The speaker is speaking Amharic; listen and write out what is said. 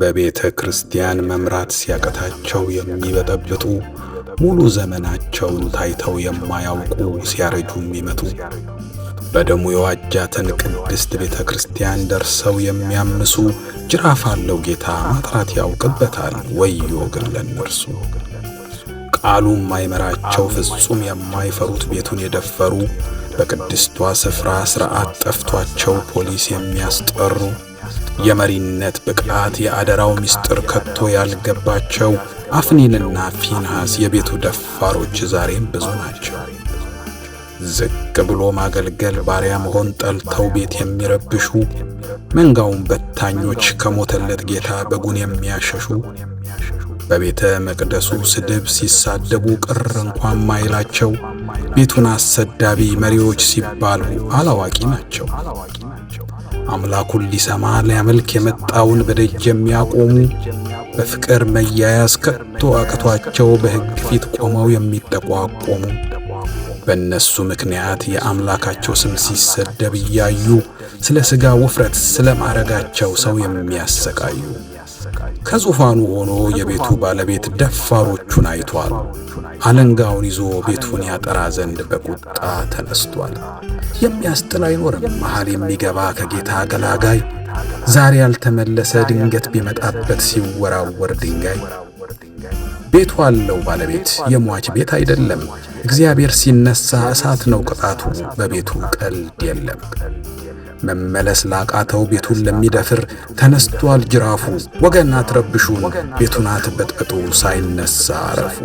በቤተ ክርስቲያን መምራት ሲያቀታቸው የሚበጠብጡ ሙሉ ዘመናቸውን ታይተው የማያውቁ ሲያረጁ የሚመጡ በደሙ የዋጃትን ቅድስት ቤተ ክርስቲያን ደርሰው የሚያምሱ ጅራፍ አለው ጌታ ማጥራት ያውቅበታል። ወዮ ግን ለእነርሱ ቃሉ የማይመራቸው ፍጹም የማይፈሩት ቤቱን የደፈሩ በቅድስቷ ስፍራ ስርዓት ጠፍቷቸው ፖሊስ የሚያስጠሩ የመሪነት ብቃት የአደራው ምስጢር ከቶ ያልገባቸው አፍኒንና ፊንሐስ የቤቱ ደፋሮች ዛሬም ብዙ ናቸው። ዝቅ ብሎ ማገልገል ባሪያ መሆን ጠልተው ቤት የሚረብሹ መንጋውን በታኞች ከሞተለት ጌታ በጉን የሚያሸሹ በቤተ መቅደሱ ስድብ ሲሳደቡ ቅር እንኳን ማይላቸው ቤቱን አሰዳቢ መሪዎች ሲባሉ አላዋቂ ናቸው። አምላኩን ሊሰማ ሊያመልክ የመጣውን በደጅ የሚያቆሙ በፍቅር መያያዝ ከቶ አቅቷቸው በሕግ ፊት ቆመው የሚጠቋቆሙ በእነሱ ምክንያት የአምላካቸው ስም ሲሰደብ እያዩ ስለ ሥጋ ውፍረት ስለ ማረጋቸው ሰው የሚያሰቃዩ ከዙፋኑ ሆኖ የቤቱ ባለቤት ደፋሮቹን አይቷል። አለንጋውን ይዞ ቤቱን ያጠራ ዘንድ በቁጣ ተነስቷል። የሚያስጥል አይኖርም። መሃል የሚገባ ከጌታ ገላጋይ ዛሬ ያልተመለሰ ድንገት ቢመጣበት ሲወራወር ድንጋይ ቤቱ አለው ባለቤት፣ የሟች ቤት አይደለም። እግዚአብሔር ሲነሳ እሳት ነው ቅጣቱ፣ በቤቱ ቀልድ የለም። መመለስ ላቃተው ቤቱን ለሚደፍር ተነስቷል ጅራፉ። ወገን አትረብሹን፣ ቤቱን አትበጥብጡ፣ ሳይነሳ አረፉ።